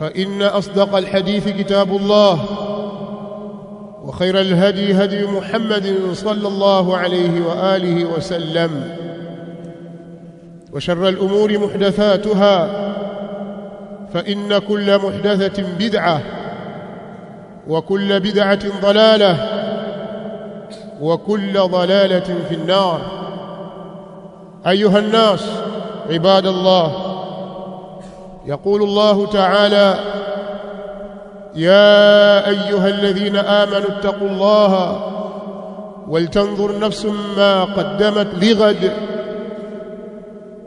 فإن أصدق الحديث كتاب الله وخير الهدي هدي محمد صلى الله عليه وآله وسلم وشر الأمور محدثاتها فإن كل محدثة بدعة وكل بدعة ضلالة وكل ضلالة في النار أيها الناس عباد الله يقول الله تعالى يا ايها الذين امنوا اتقوا الله ولتنظر نفس ما قدمت لغد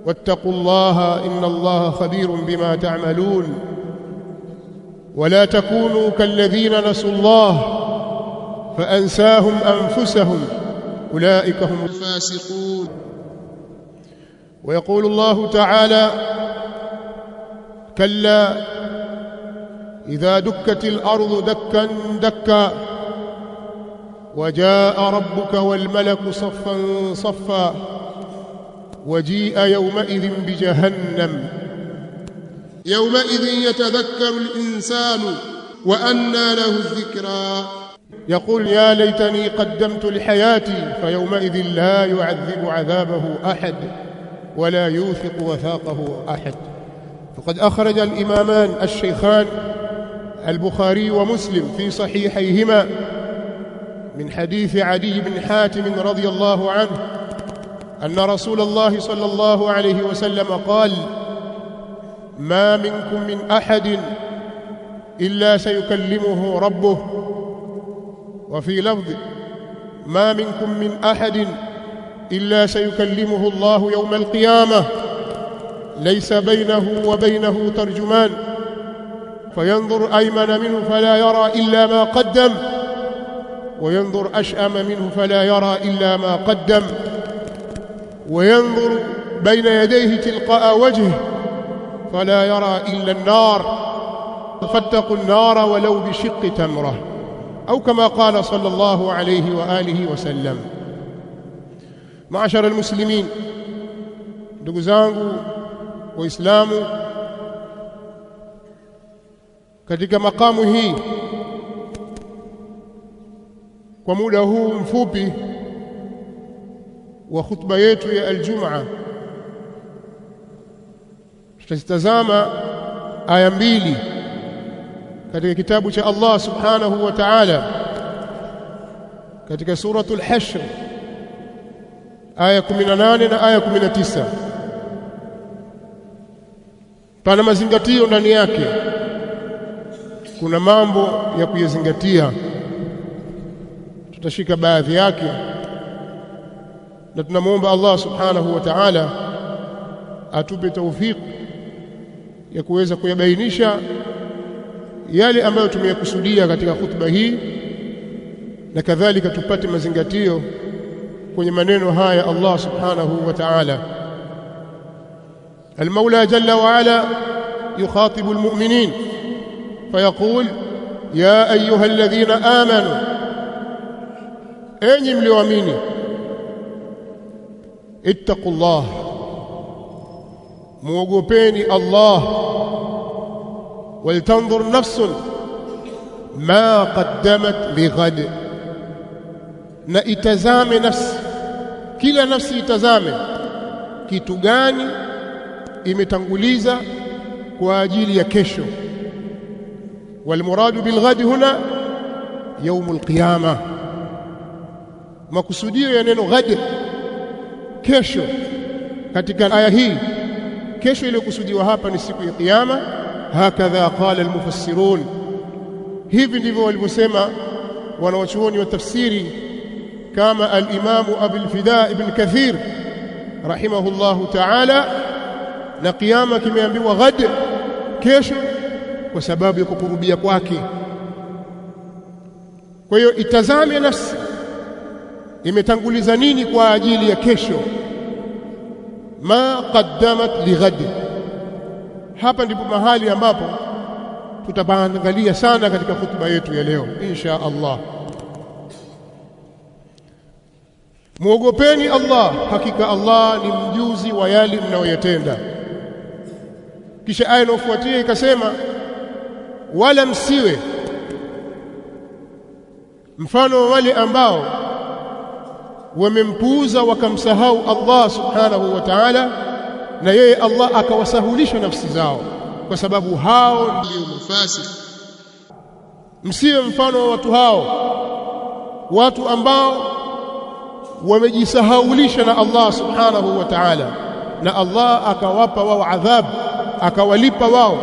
واتقوا الله ان الله خبير بما تعملون ولا تكونوا كالذين نسوا الله فانساهم انفسهم اولئك هم الفاسقون ويقول الله تعالى كلا إذا دكت الأرض دكا دكا وجاء ربك والملك صفا صفا وجيء يومئذ بجهنم يومئذ يتذكر الإنسان وأنى له الذكرى يقول يا ليتني قدمت لحياتي فيومئذ لا يعذب عذابه أحد ولا يوثق وثاقه أحد فقد أخرج الإمامان الشيخان البخاري ومسلم في صحيحيهما من حديث عدي بن حاتم رضي الله عنه أن رسول الله صلى الله عليه وسلم قال ما منكم من أحد إلا سيكلمه ربه وفي لفظ ما منكم من أحد إلا سيكلمه الله يوم القيامة ليس بينه وبينه ترجمان فينظر أيمن منه فلا يرى إلا ما قدم وينظر أشأم منه فلا يرى إلا ما قدم وينظر بين يديه تلقاء وجهه فلا يرى إلا النار فاتقوا النار ولو بشق تمرة أو كما قال صلى الله عليه وآله وسلم معشر المسلمين ndugu waislamu katika makamu hii kwa muda huu mfupi wa khutba yetu ya aljumaa tutazitazama aya mbili katika kitabu cha Allah subhanahu wa ta'ala katika suratul hashr aya 18 na aya 19 pana mazingatio ndani yake, kuna mambo ya kuyazingatia. Tutashika baadhi yake, na tunamwomba Allah subhanahu wa ta'ala atupe taufiki ya kuweza kuyabainisha yale ambayo tumeyakusudia katika khutba hii, na kadhalika tupate mazingatio kwenye maneno haya Allah subhanahu wa ta'ala. المولى جل وعلا يخاطب المؤمنين فيقول يا أيها الذين آمنوا أين مليواميني اتقوا الله موغوبيني الله ولتنظر نفس ما قدمت لغد نأتزام نفس كلا نفسي nafsi كي تجاني imetanguliza kwa ajili ya kesho walmuradu bilghadi huna yaumul qiyama makusudio ya neno ghadi kesho katika aya hii kesho iliyokusudiwa hapa ni siku ya kiyama hakadha qala almufassirun hivi ndivyo walivyosema wanawachuoni wa tafsiri kama alimamu abulfida ibn kathir rahimahullahu ta'ala na kiama kimeambiwa ghad, kesho, kwa sababu ya kukurubia kwake. Kwa hiyo itazame nafsi imetanguliza nini kwa ajili ya kesho. Ma qaddamat lighad, hapa ndipo mahali ambapo tutapaangalia sana katika hutuba yetu ya leo insha Allah. Muogopeni Allah, hakika Allah ni mjuzi wa yale mnayoyatenda kisha aya iliyofuatia ikasema wala msiwe mfano wa wale ambao wamempuuza wakamsahau Allah subhanahu wa ta'ala na yeye Allah akawasahulisha nafsi zao kwa sababu hao ndio mafasik msiwe mfano wa watu hao watu ambao wamejisahaulisha na Allah subhanahu wa ta'ala na Allah akawapa wao adhabu akawalipa wao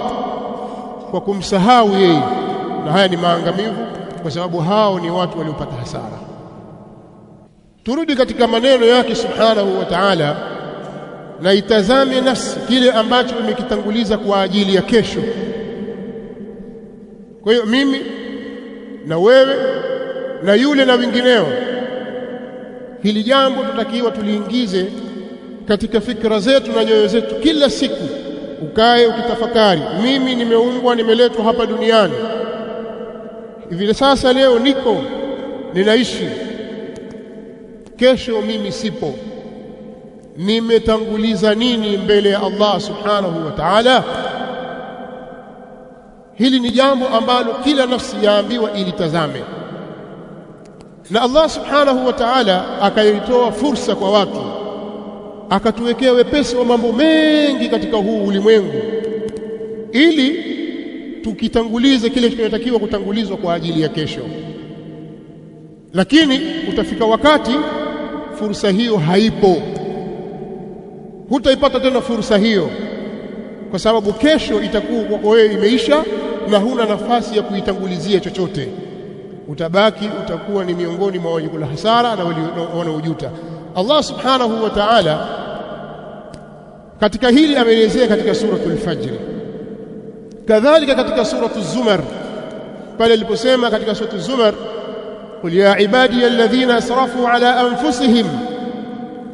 kwa kumsahau yeye, na haya ni maangamivu, kwa sababu hao ni watu waliopata hasara. Turudi katika maneno yake subhanahu wa ta'ala, na itazame nafsi kile ambacho imekitanguliza kwa ajili ya kesho. Kwa hiyo mimi na wewe na yule na wengineo, hili jambo tutakiwa tuliingize katika fikra zetu na nyoyo zetu kila siku ukae ukitafakari, mimi nimeumbwa, nimeletwa hapa duniani hivi sasa, leo niko ninaishi, kesho mimi sipo. Nimetanguliza nini mbele ya Allah subhanahu wa ta'ala? Hili ni jambo ambalo kila nafsi yaambiwa ilitazame, na Allah subhanahu wa ta'ala akaitoa fursa kwa watu akatuwekea wepesi wa mambo mengi katika huu ulimwengu, ili tukitangulize kile kinachotakiwa kutangulizwa kwa ajili ya kesho. Lakini utafika wakati fursa hiyo haipo, hutaipata tena fursa hiyo, kwa sababu kesho itakuwa kwako wewe imeisha na huna nafasi ya kuitangulizia chochote. Utabaki utakuwa ni miongoni mwa wenye kula hasara na wanaojuta. Allah subhanahu wa ta'ala katika hili ameelezea katika suratul fajr kadhalika katika suratu zumar pale aliposema katika suratu zumar qul ya ibadi alladhina asrafu ala anfusihim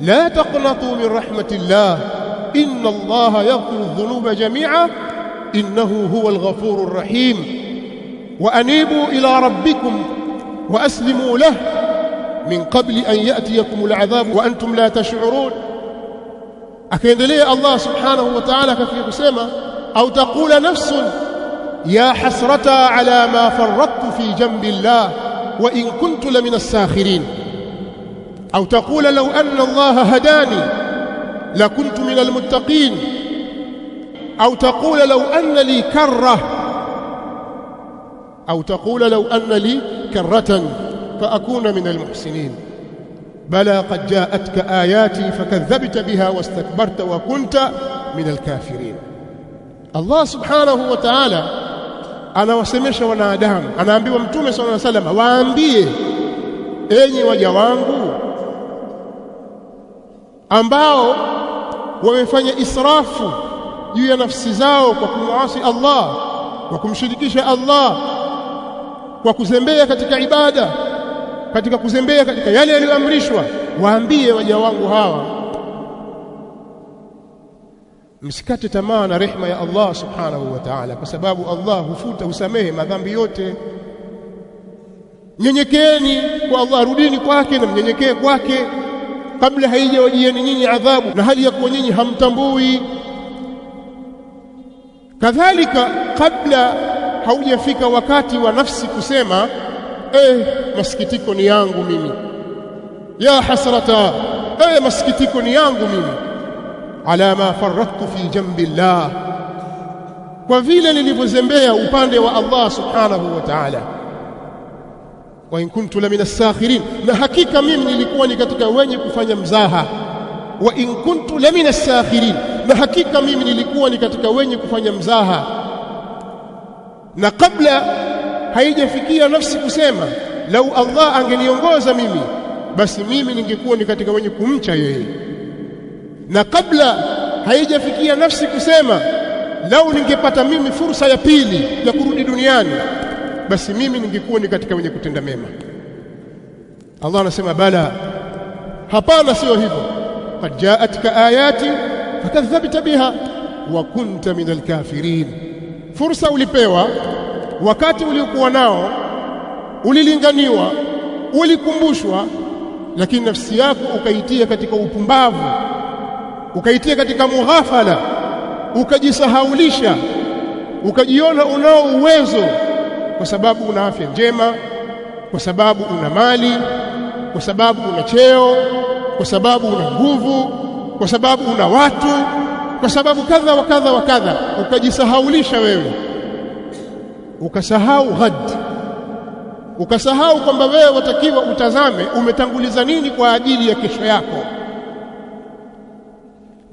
la taqnatu min rahmatillah inna allaha yaghfiru dhunuba jami'a innahu huwal ghafurur rahim wa anibu ila rabbikum wa aslimu lahu min qabli an ya'tiyakum al'adhab wa antum la tash'urun akaendelea Allah subhanahu wa ta'ala katika kusema au taqula nafsun ya hasrata ala ma farrattu fi jambi llah wa in kuntu la min as-sakhirin au taqula law anna Allah hadani lakuntu min al-muttaqin au taqula law anna li karrah au taqula law anna li karratan fa akuna min al-muhsinin bala qad jaatka ayati fakadhabta biha wastakbarta wa kunta min alkafirin. Allah subhanahu wa ta'ala anawasemesha wanadamu, anaambiwa Mtume sallallahu alayhi wasallam, waambie enyi waja wangu ambao wamefanya israfu juu ya nafsi zao kwa kumwasi Allah, kwa kumshirikisha Allah, kwa kuzembea katika ibada katika kuzembea katika yale yaliyoamrishwa, waambie waja wangu hawa, msikate tamaa na rehma ya Allah subhanahu wa ta'ala, kwa sababu Allah hufuta, husamehe madhambi yote. Nyenyekeeni kwa Allah, rudini kwake na mnyenyekee kwake kabla haijawajieni nyinyi adhabu, na hali ya kuwa nyinyi hamtambui. Kadhalika, kabla haujafika wakati wa nafsi kusema eh, masikitiko ni yangu mimi. Ya hasrata, eh, masikitiko ni yangu mimi. Ala ma farattu fi jambi llah, kwa vile nilivyozembea upande wa Allah subhanahu wa ta'ala. Wa in kuntu la minas sakhirin, na hakika mimi nilikuwa ni katika wenye kufanya mzaha. Wa in kuntu la minas sakhirin, na hakika mimi nilikuwa ni katika wenye kufanya mzaha na kabla haijafikia nafsi kusema lau Allah angeniongoza mimi, basi mimi ningekuwa ni katika wenye kumcha yeye, na kabla haijafikia nafsi kusema lau ningepata mimi fursa ya pili ya kurudi duniani, basi mimi ningekuwa ni katika wenye kutenda mema. Allah anasema bala, hapana, siyo hivyo. Qad jaatka ayati fakadhabta biha wa kunta min alkafirin, fursa ulipewa wakati uliokuwa nao ulilinganiwa, ulikumbushwa, lakini nafsi yako ukaitia katika upumbavu, ukaitia katika mughafala, ukajisahaulisha, ukajiona unao uwezo, kwa sababu una afya njema, kwa sababu una mali, kwa sababu una cheo, kwa sababu una nguvu, kwa sababu una watu, kwa sababu kadha wa kadha wa kadha, ukajisahaulisha wewe ukasahau ghad ukasahau kwamba wewe watakiwa utazame umetanguliza nini kwa ajili ya kesho yako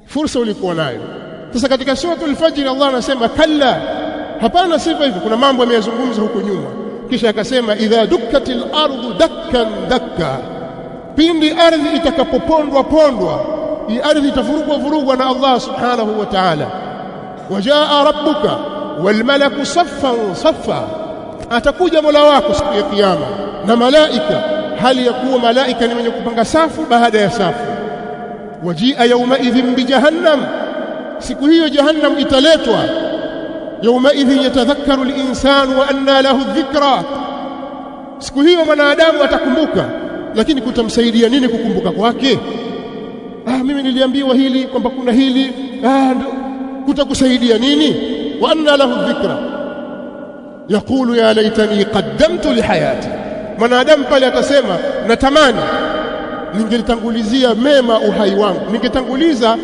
fursa ulikuwa nayo sasa katika suratul fajr Allah anasema kalla hapana sifa hivyo kuna mambo yameyazungumza huko nyuma kisha akasema idha dukkatil ardu dakkan dakka pindi ardhi itakapopondwa pondwa hii ardhi itavurugwa vurugwa na Allah subhanahu wa ta'ala wajaa rabbuka walmalaku saffan saffa, atakuja Mola wako siku ya Kiyama na malaika, hali ya kuwa malaika ni wenye kupanga safu baada ya safu. Wajia yaumaidhin bijahannam, siku hiyo jahannam italetwa. Yaumaidhin yatadhakkaru linsanu wa anna lahu dhikra, siku hiyo mwanadamu atakumbuka. Lakini kutamsaidia nini kukumbuka kwake? Ah, mimi niliambiwa hili kwamba kuna hili ah, kutakusaidia nini? wa anna lahu dhikra yaqulu ya laitani qaddamtu lihayati mwanadamu pale atasema natamani ningetangulizia mema uhai wangu ningetanguliza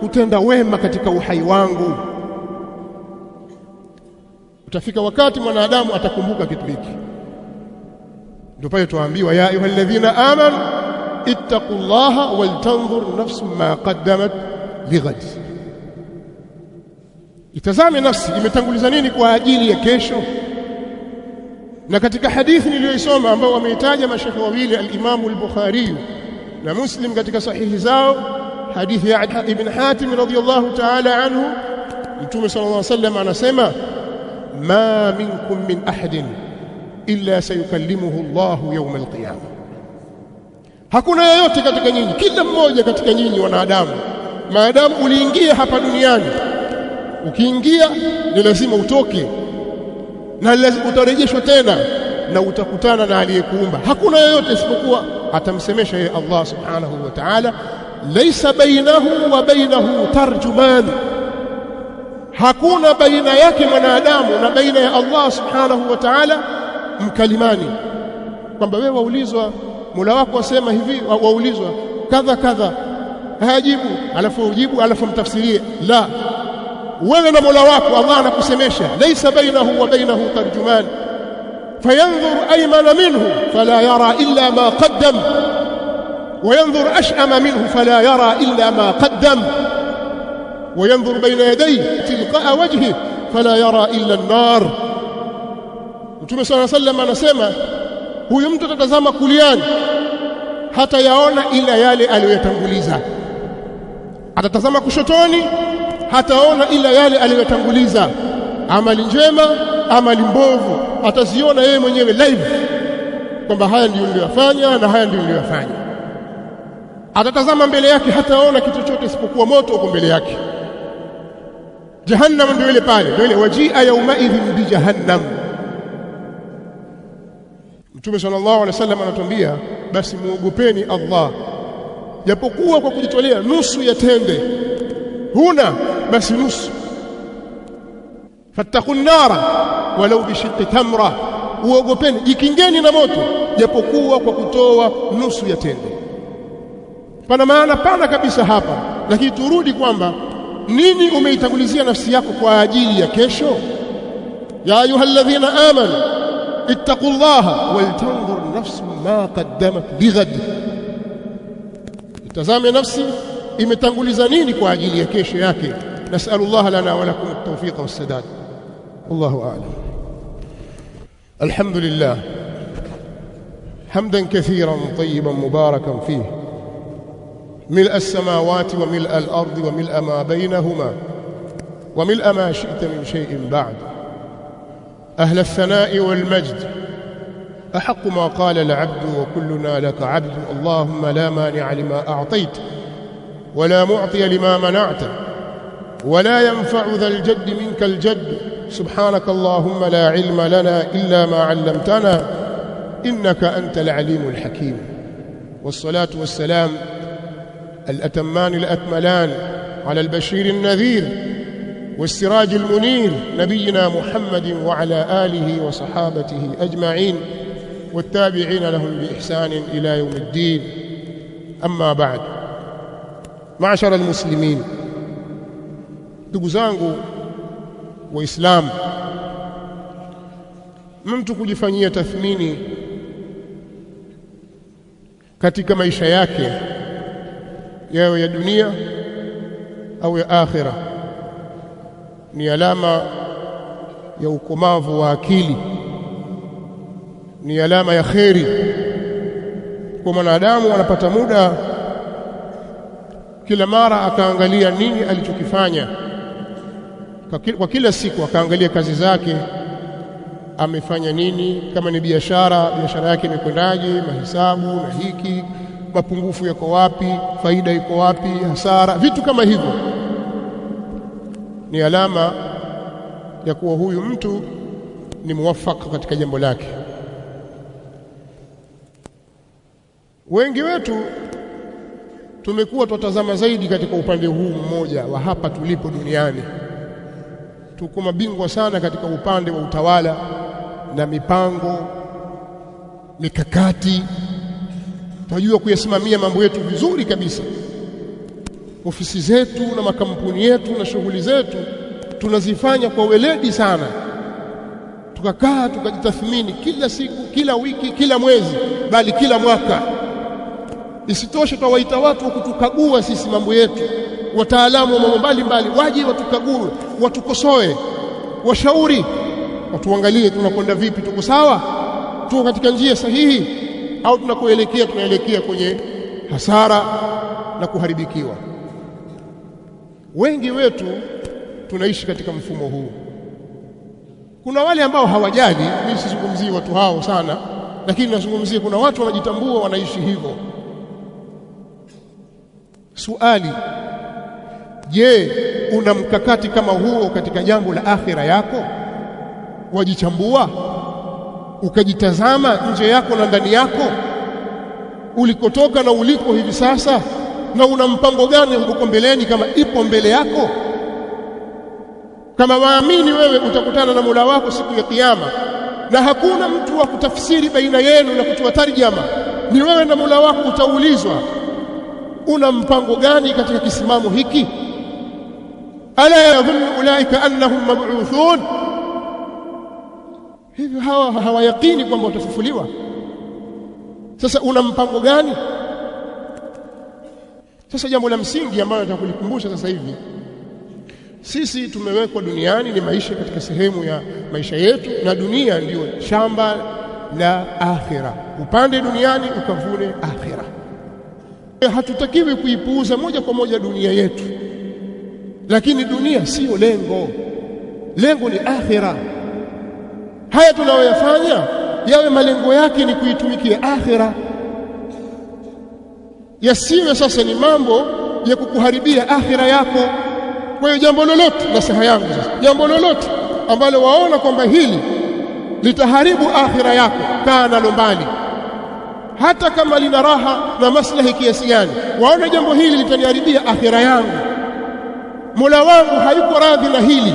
kutenda wema katika uhai wangu utafika wakati mwanadamu atakumbuka kitu hiki ndio pale tuambiwa ya ayyuhalladhina amanu ittaqullaha waltandhur nafsu ma qaddamat lighadi Itazame nafsi imetanguliza nini kwa ajili ya kesho. Na katika hadithi niliyoisoma ambao wameitaja mashekhe wawili alimamu imamu na Muslim katika sahihi zao, hadithi ya Ibn Hatim radhiyallahu ta'ala anhu, Mtume sallallahu alayhi wasallam anasema ma minkum min ahadin illa sayukallimuhu Allahu yawm alqiyama hakuna yoyote katika nyinyi, kila mmoja katika nyinyi wanadamu, maadamu uliingia hapa duniani ukiingia ni lazima utoke na utarejeshwa tena na utakutana na aliyekuumba. Hakuna yoyote isipokuwa atamsemesha yeye Allah subhanahu wa ta'ala, laisa bainahu wa bainahu tarjuman, hakuna baina yake mwanadamu na baina ya Allah subhanahu wa ta'ala mkalimani, kwamba wewe waulizwa, Mola wako wasema hivi, waulizwa kadha kadha, hayajibu alafu ujibu alafu mtafsirie, la wewe na Mola wako Allah anakusemesha laisa bainahu wa bainahu tarjuman fayanzur aymana minhu fala yara illa ma qaddam وينظر أشأم منه فلا يرى إلا ما قدم وينظر بين يديه تلقاء وجهه فلا يرى إلا النار Mtume sala sallam anasema huyu mtu atatazama kuliani hatayaona ila yale aliyoyatanguliza, atatazama kushotoni hataona ila yale aliyotanguliza, amali njema, amali mbovu, ataziona yeye mwenyewe live kwamba haya ndiyo niliyofanya na haya ndiyo niliyofanya. Atatazama mbele yake, hataona kitu chochote isipokuwa moto huko mbele yake. Jahannam ndio ile pale, ndio ile wajia yaumaidhin bi jahannam. Mtume sallallahu alaihi wasallam anatuambia, basi muogopeni Allah, japokuwa kwa kujitolea nusu ya tende huna basi nusu fattaqu nnara walau bishiqi tamra, uogopeni jikingeni na moto japokuwa kwa kutoa nusu ya tende. Pana maana pana kabisa hapa, lakini turudi kwamba nini umeitangulizia nafsi yako kwa ajili ya kesho. ya ayuha alladhina amanu ittaqu llaha waltandhur nafsu ma qaddamat lighad, itazame nafsi imetanguliza nini kwa ajili ya kesho yake. نسأل الله لنا ولكم التوفيق والسداد الله أعلم الحمد لله حمدا كثيرا طيبا مباركا فيه ملء السماوات وملء الأرض وملء ما بينهما وملء ما شئت من شيء بعد أهل الثناء والمجد أحق ما قال العبد وكلنا لك عبد اللهم لا مانع لما أعطيت ولا معطي لما منعت ولا ينفع ذا الجد منك الجد سبحانك اللهم لا علم لنا إلا ما علمتنا إنك أنت العليم الحكيم والصلاة والسلام الأتمان الأكملان على البشير النذير والسراج المنير نبينا محمد وعلى آله وصحابته أجمعين والتابعين لهم بإحسان إلى يوم الدين أما بعد معشر المسلمين ndugu zangu waislamu mtu kujifanyia tathmini katika maisha yake yao ya dunia au ya akhira ni alama ya ukomavu wa akili ni alama ya kheri kwa mwanadamu anapata muda kila mara akaangalia nini alichokifanya kwa kila siku akaangalia kazi zake, amefanya nini, kama ni biashara, biashara yake imekwendaje, mahesabu na hiki, mapungufu yako wapi, faida iko wapi, hasara, vitu kama hivyo. Ni alama ya kuwa huyu mtu ni muwafaka katika jambo lake. Wengi wetu tumekuwa twatazama zaidi katika upande huu mmoja wa hapa tulipo duniani tuko mabingwa sana katika upande wa utawala na mipango mikakati, tunajua kuyasimamia mambo yetu vizuri kabisa. Ofisi zetu na makampuni yetu na shughuli zetu tunazifanya kwa weledi sana, tukakaa tukajitathmini kila siku, kila wiki, kila mwezi, bali kila mwaka. Isitoshe, twawaita watu wa kutukagua sisi mambo yetu wataalamu wa mambo mbalimbali waje watukague, watukosoe, washauri, watuangalie tunakwenda vipi, tuko sawa, tuko katika njia sahihi au tunakoelekea tunaelekea kwenye hasara na kuharibikiwa. Wengi wetu tunaishi katika mfumo huu. Kuna wale ambao hawajali, mimi sizungumzii watu hao sana, lakini nazungumzia kuna watu wanajitambua, wanaishi hivyo. Suali Je, una mkakati kama huo katika jambo la akhira yako? Wajichambua ukajitazama nje yako na ndani yako, ulikotoka na uliko hivi sasa, na una mpango gani huko mbeleni, kama ipo mbele yako. Kama waamini wewe, utakutana na Mola wako siku ya Kiyama, na hakuna mtu wa kutafsiri baina yenu na kutoa tarjama, ni wewe na Mola wako. Utaulizwa, una mpango gani katika kisimamo hiki? ala يظن ulaika أنهم مبعوثون hivyo hawa hawayaqini kwamba watafufuliwa sasa una mpango gani sasa jambo la msingi ambalo nataka kulikumbusha sasa hivi sisi tumewekwa duniani ni maisha katika sehemu ya maisha yetu na dunia ndiyo shamba la akhira upande duniani ukavune akhira hatutakiwi kuipuuza moja kwa moja dunia yetu lakini dunia siyo lengo, lengo ni akhira. Haya tunayoyafanya yawe malengo yake ni kuitumikia akhira, yasiwe sasa ni mambo ya kukuharibia akhira yako. Kwa hiyo jambo lolote, nasaha yangu sasa, jambo lolote ambalo waona kwamba hili litaharibu akhira yako, kaa nalo mbali, hata kama lina raha na maslahi kiasi gani. Waona jambo hili litaniharibia akhira yangu Mola wangu hayuko radhi na hili,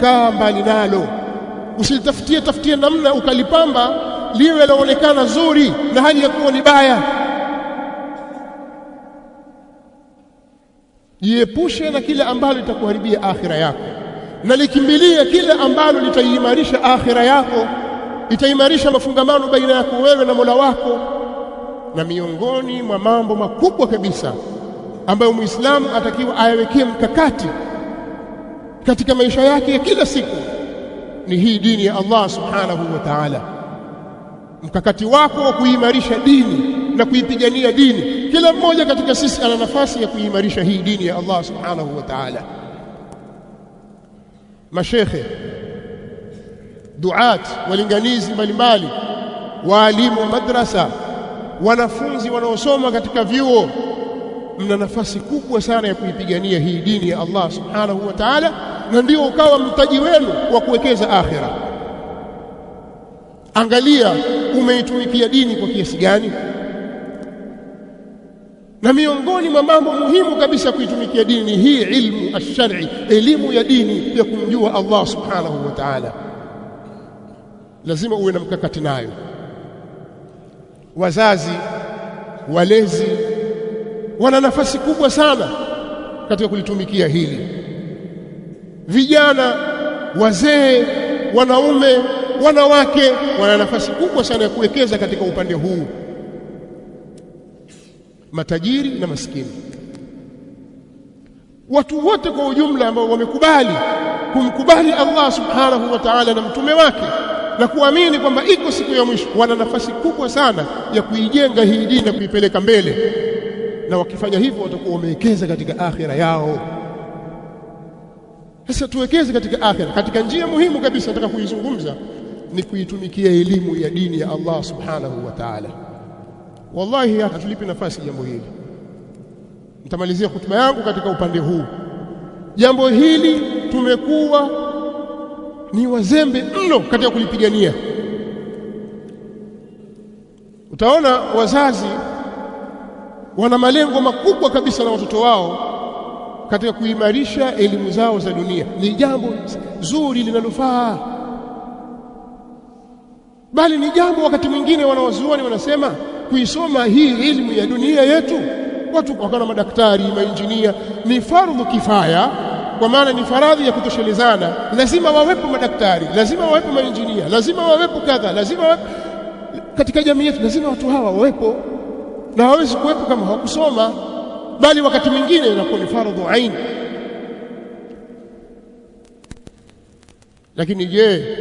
kaa mbali nalo, usilitafutie tafutie namna ukalipamba liwe laonekana zuri na hali ya kuwa ni baya. Jiepushe na kile ambalo litakuharibia akhira yako, na likimbilia kile ambalo litaiimarisha akhira yako, itaimarisha mafungamano baina yako wewe na Mola wako. Na miongoni mwa mambo makubwa kabisa ambayo Muislamu atakiwa ayawekee mkakati katika maisha yake ya kila siku ni hii dini ya Allah subhanahu wa ta'ala. Mkakati wako wa kuimarisha dini na kuipigania dini, kila mmoja katika sisi ana nafasi ya kuimarisha hii dini ya Allah subhanahu wa ta'ala. Mashekhe, duat, walinganizi mbalimbali, waalimu wa madrasa, wanafunzi wanaosoma katika vyuo mna nafasi kubwa sana ya kuipigania hii dini ya Allah subhanahu wa ta'ala, na ndio ukawa mtaji wenu wa kuwekeza akhira. Angalia umeitumikia dini kwa kiasi gani. Na miongoni mwa mambo muhimu kabisa kuitumikia dini hii ilmu ash-shar'i, elimu ya dini ya kumjua Allah subhanahu wa ta'ala, lazima uwe na mkakati nayo. Wazazi, walezi wana nafasi kubwa sana katika kulitumikia hili. Vijana, wazee, wanaume, wanawake wana nafasi kubwa sana ya kuwekeza katika upande huu, matajiri na masikini watu wote kwa ujumla ambao wamekubali kumkubali Allah subhanahu wa ta'ala na mtume wake na kuamini kwamba iko siku ya mwisho, wana nafasi kubwa sana ya kuijenga hii dini na kuipeleka mbele na wakifanya hivyo watakuwa wamewekeza katika akhira yao. Sasa tuwekeze katika akhira. Katika njia muhimu kabisa nataka kuizungumza ni kuitumikia elimu ya dini ya Allah subhanahu wa ta'ala. Wallahi hatulipi nafasi jambo hili. Nitamalizia hotuba yangu katika upande huu. Jambo hili tumekuwa ni wazembe mno katika kulipigania. Utaona wazazi wana malengo makubwa kabisa na watoto wao katika kuimarisha elimu zao za dunia. Ni jambo zuri linalofaa, bali ni jambo wakati mwingine wanawazuoni wanasema kuisoma hii elimu ya dunia yetu, watu wakana madaktari, mainjinia, ni fardhu kifaya, kwa maana ni faradhi ya kutoshelezana. Lazima wawepo madaktari, lazima wawepo mainjinia, lazima wawepo kadha, lazima wawepo katika jamii yetu, lazima watu hawa wawepo na hawezi kuwepo kama hawakusoma, bali wakati mwingine inakuwa ni faradhu aini. Lakini je,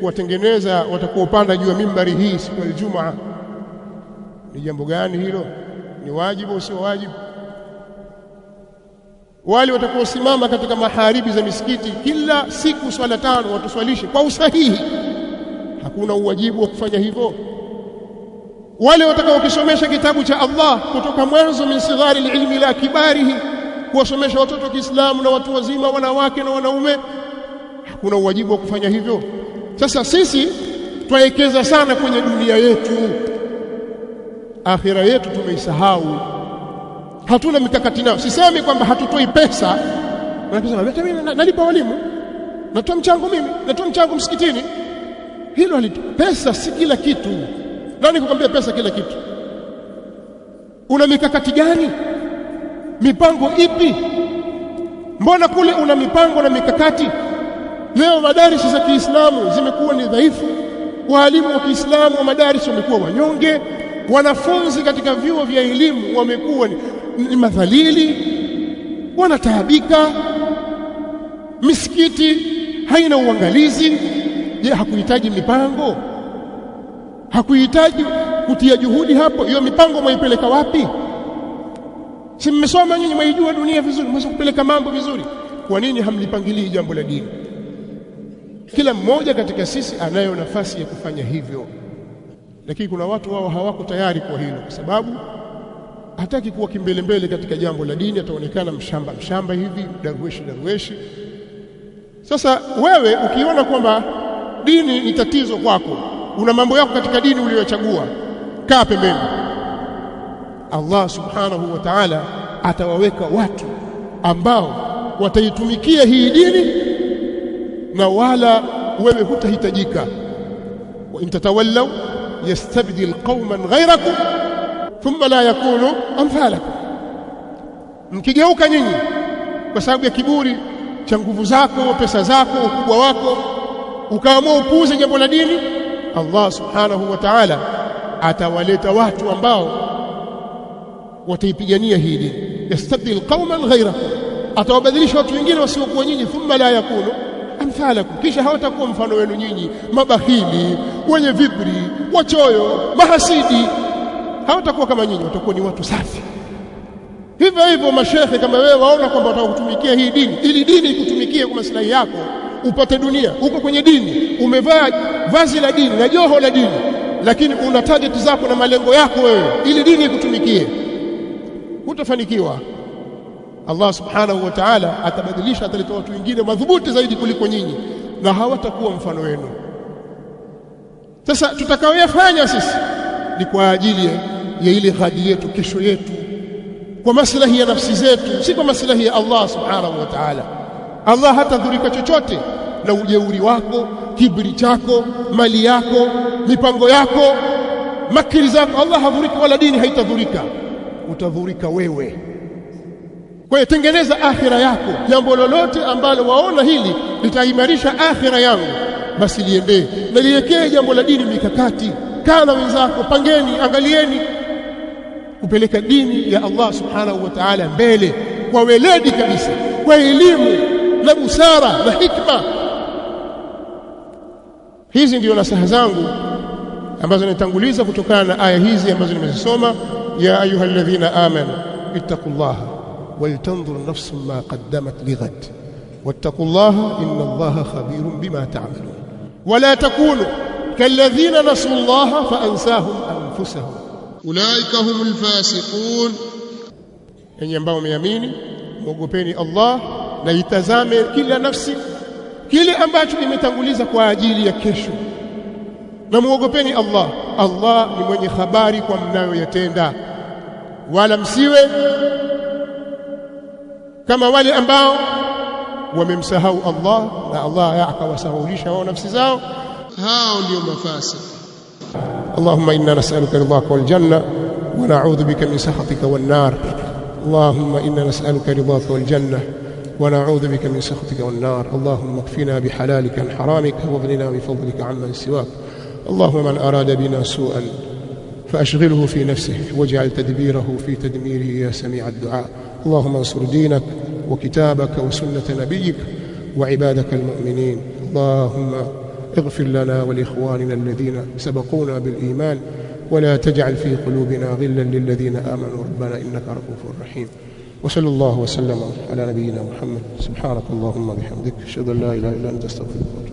kuwatengeneza upanda juu ya mimbari hii siku ya Ijumaa ni jambo gani hilo? Ni wajibu au sio wajibu? Wale watakaosimama katika maharibi za misikiti kila siku swala tano watuswalishe kwa usahihi, hakuna uwajibu wa kufanya hivyo wale watakaokisomesha kitabu cha Allah kutoka mwanzo min sighari lilmi la kibarihi, kuwasomesha watoto wa Kiislamu na watu wazima, wanawake na wanaume, hakuna uwajibu wa kufanya hivyo. Sasa sisi twawekeza sana kwenye dunia yetu, akhira yetu tumeisahau, hatuna mikakati nayo. Sisemi kwamba hatutoi pesa, hata mimi nalipa walimu, natoa mchango mimi, natoa mchango msikitini. Hilo pesa si kila kitu nani kukwambia pesa kila kitu? Una mikakati gani? Mipango ipi? Mbona kule una mipango na mikakati? Leo madarisi za Kiislamu zimekuwa ni dhaifu, waalimu wa Kiislamu wa madarisi wamekuwa wanyonge, wanafunzi katika vyuo vya elimu wamekuwa ni, ni madhalili, wanataabika. Misikiti haina uangalizi. Je, hakuhitaji mipango? hakuhitaji kutia juhudi hapo. Hiyo mipango mwaipeleka wapi? Si mmesoma nyinyi, mwaijua dunia vizuri, mweza kupeleka mambo vizuri. Kwa nini hamlipangilii jambo la dini? Kila mmoja katika sisi anayo nafasi ya kufanya hivyo, lakini kuna watu wao hawako tayari kwa hilo, kwa sababu hataki kuwa kimbelembele katika jambo la dini, ataonekana mshamba mshamba hivi, darweshi darweshi. Sasa wewe ukiona kwamba dini ni tatizo kwako una mambo yako katika dini uliyochagua, kaa pembeni. Allah subhanahu wa ta'ala atawaweka watu ambao wataitumikia hii dini na wala wewe hutahitajika. wa in tatawallaw yastabdil qauman ghayrakum thumma la yakunu amthalakum, mkigeuka nyinyi kwa sababu ya kiburi cha nguvu zako, pesa zako, ukubwa wako, ukaamua upuuze jambo la dini Allah subhanahu wa ta'ala atawaleta watu ambao wataipigania hii dini yastabdil qauman ghaira atawabadilisha watu wengine wasiokuwa nyinyi thumma la yakunu amthalakum kisha hawatakuwa mfano wenu nyinyi mabahili wenye vibri wachoyo mahasidi hawatakuwa kama nyinyi watakuwa ni watu safi hivyo hivyo mashekhe kama wewe waona kwamba watakutumikia hii dini ili dini ikutumikie kwa maslahi yako upate dunia, uko kwenye dini, umevaa vazi la dini na joho la dini, lakini una target zako na malengo yako wewe, ili dini ikutumikie, hutafanikiwa. Allah subhanahu wa ta'ala atabadilisha, ataleta watu wengine madhubuti zaidi kuliko nyinyi, na hawatakuwa mfano wenu. Sasa tutakaoyafanya sisi ni kwa ajili ya ile hadhi yetu, kesho yetu, kwa maslahi ya nafsi zetu, si kwa maslahi ya Allah subhanahu wa ta'ala. Allah hatadhurika chochote na ujeuri wako, kibri chako, mali yako, mipango yako, makiri zako. Allah hadhurika wala dini haitadhurika, utadhurika wewe. Kwa hiyo tengeneza akhira yako. Jambo lolote ambalo waona hili litaimarisha akhira yangu, basi liendee na liwekee jambo la dini mikakati. Kaa na wenzako, pangeni, angalieni kupeleka dini ya Allah subhanahu wa ta'ala mbele kwa weledi kabisa, kwa elimu la busara na hikma. Hizi ndiyo nasaha zangu ambazo nitanguliza kutokana na aya hizi ambazo nimezisoma, ya ayuha alladhina amanu ittaqullaha waltanzur nafsun ma qaddamat lighad wattaqullaha inna allaha khabirun bima ta'malun wala takunu kalladhina nasu fa ansahum anfusahum ulaika humul fasiqun, enyi ambao mmeamini mwogopeni Allah na itazame kila nafsi kile ambacho imetanguliza kwa ajili ya kesho na muogopeni Allah Allah ni mwenye habari kwa mnayoyatenda wala msiwe kama wale ambao wamemsahau Allah na Allah akawasahulisha wao nafsi zao hao ndio mafasik اللهم إنا نسألك رضاك والجنة ونعوذ بك من سخطك والنار اللهم إنا نسألك رضاك والجنة ونعوذ بك من سخطك والنار اللهم اكفنا بحلالك عن حرامك واغننا بفضلك عمن سواك اللهم من أراد بنا سوءا فأشغله في نفسه واجعل تدبيره في تدميره يا سميع الدعاء اللهم انصر دينك وكتابك وسنة نبيك وعبادك المؤمنين اللهم اغفر لنا ولإخواننا الذين سبقونا بالإيمان ولا تجعل في قلوبنا غلا للذين آمنوا ربنا إنك رؤوف رحيم وصلى الله وسلم على نبينا محمد سبحانك اللهم وبحمدك اشهد ان لا اله الا انت استغفرك